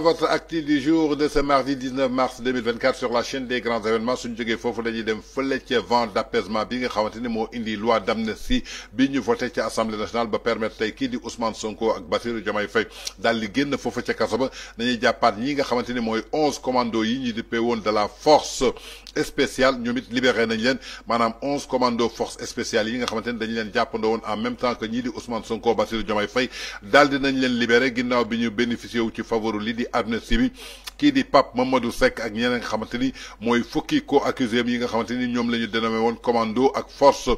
votre acte du jour de ce mardi 19 mars 2024 sur la chaîne des grands événements suñu jógee fofu dañuy dem feulé ci vent d'apaisement bi nga xamanteni mo indi loi d' bi ñu voté ci assemblée nationale ba permettre à ki di Ousmane Sonko ak Bassirou Diomaye Faye dal li génn fofu ci kaso ba dañuy jàppaat ñi nga xamanteni moy 11 onze commandos yi ñi di woon de la force spéciale ñomit libéré nañ leen manam 11 commandos force spéciale yi nga xamanteni dañ leen jàppandoo en même temps que ñi di Ousmane Sonko Bassirou Diomaye Faye dal di nañ leen libéré ginnaw bi ñu bénéficié ci faveur di amnistie bi di Pape Mamadou Seck ak ñeneen xamanteni moy ni fukki ko accusé yi nga xamante ni commando ak force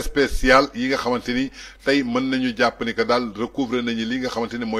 spéciale yi nga Tay ni mën nañu japp ni ka dal recouvrer nañu li nga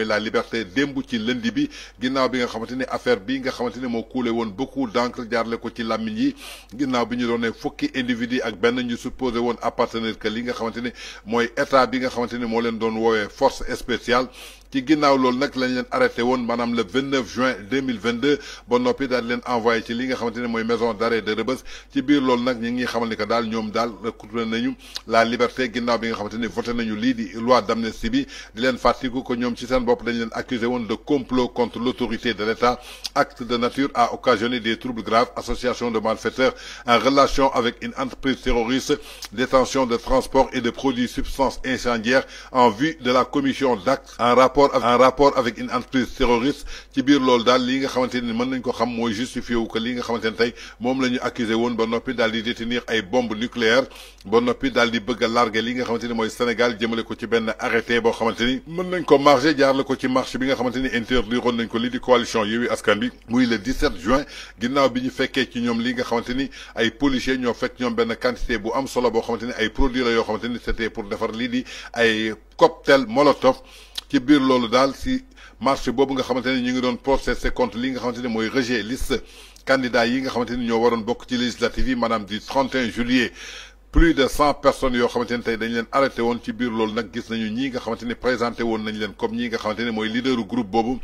la liberté dembu ci lëndi bi ginnaw bi nga xamanteni affaire bi nga xamanteni mo coulé beaucoup d'encre le ko ci lamine yi ginnaw bi ñu doonee fukki individu ak ben ñu supposé won appartenir que li nga xamanteni moy état bi nga xamanteni doon force spéciale ci ginnaaw loolu nag lañ leen arrêté woon maanaam le 29 juin 2022 ba noppi daal leen envoyé ci li nga xamante ne maison d'arrêt de Rebeuss ci biir loolu nag ñi ngi xamal ni que daal ñoom daal recouvré nañu la liberté ginnaaw bi nga xamante ni voté nañu lii di loi d'amnistie bi di leen fàttiku ko ñoom ci seen bopp dañ leen accusé woon de complot contre l'autorité de l'État acte de nature à occasionner des troubles graves association de malfaiteurs en relation avec une entreprise terroriste détention de transport et de produits substances incendiaires en vue de la commission d'acte en rapport rapport en rapport avec une entreprise terroriste ci bir lol dal li nga xamanteni meun mën nañ ko xam moy justifié wu que li nga xamanteni tay mom lañu accuser won ba nopi dal di détenir ay bombes nucléaires ba nopi dal di bëgg larguer li nga xamanteni moy Sénégal jëmele ko ci ben arrêté bo xamanteni meun mën nañ ko marché jaarale ko ci marché bi nga xamanteni ni interdiroon nañ ko li di coalition yewi Askan Wi muy le 17 juin ginnaw biñu féké ci ñom li nga xamanteni ay policiers ñoo fekk ñom ben quantité bu am solo bo xamanteni ay produits la yo xamanteni c'était pour defar li di ay cocktail molotov ci bir loolu dal ci marché bobu nga xamanteni ñi ngi doon processé contre li nga xamanteni moy rejet liste candidat yi nga xamanteni ñoo waroon bokk ci législative yi du 31 juillet plus de 100 personnes yo xamanteni tay dañ leen arrêté won ci biir loolu nak gis nañu ñi nga xamanteni présenté won nañ leen comme ñi nga xamanteni moy mooy leaderu groupe bobu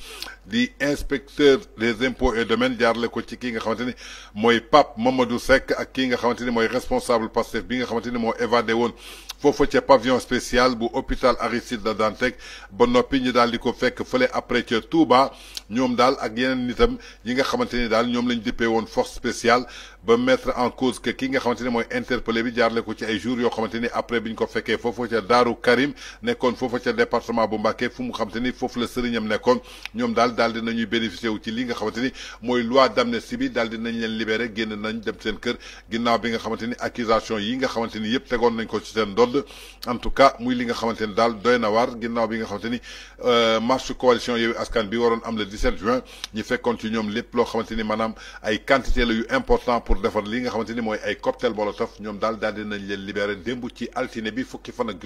di inspecteur des impôts et domaines jaarale ko ci ki nga xamanteni moy mooy Pape Mamadou Seck ak ki nga xamanteni moy responsable Pastef bi nga xamanteni mo évadé won fofu ci pavillon spécial bu hôpital Aristide Le Dantec ba nopi ñu daal di ko fekk fële après ci Touba ñom dal ak yenen nitam yi nga xamanteni dal ñom ñoom lañ dippee woon force spéciale ba mettre en cause que ki nga xamanteni moy interpellé bi jaar jaarle ko ci ay jours yo xamanteni après biñ ko fekkee fofu ca Daaru Karim nekkoon fofu ca département bu Mbacké fu mu xamante ni foofu la sëriñam nekkoon ñoom daal dal dinañuy bénéficié wu ci li nga xamanteni moy loi d'amnistie bi dal dinañ leen libéré genn nañ dem seen kër ginnaw bi nga xamanteni accusation yi nga xamanteni yépp tégon nañ ko ci seen dodd en tout cas muy li nga xamanteni dal doyna war ginnaw bi nga xamanteni euh marche coalition Yewwi Askan bi waron am le 17 juin ñi fekkon ci ñom lepp lo xamanteni manam ay quantité la yu important pour defar li nga xamanteni moy ay cocktail Molotov ñom dal dal nañ leen libéré démb ci altine bi fukki fan ak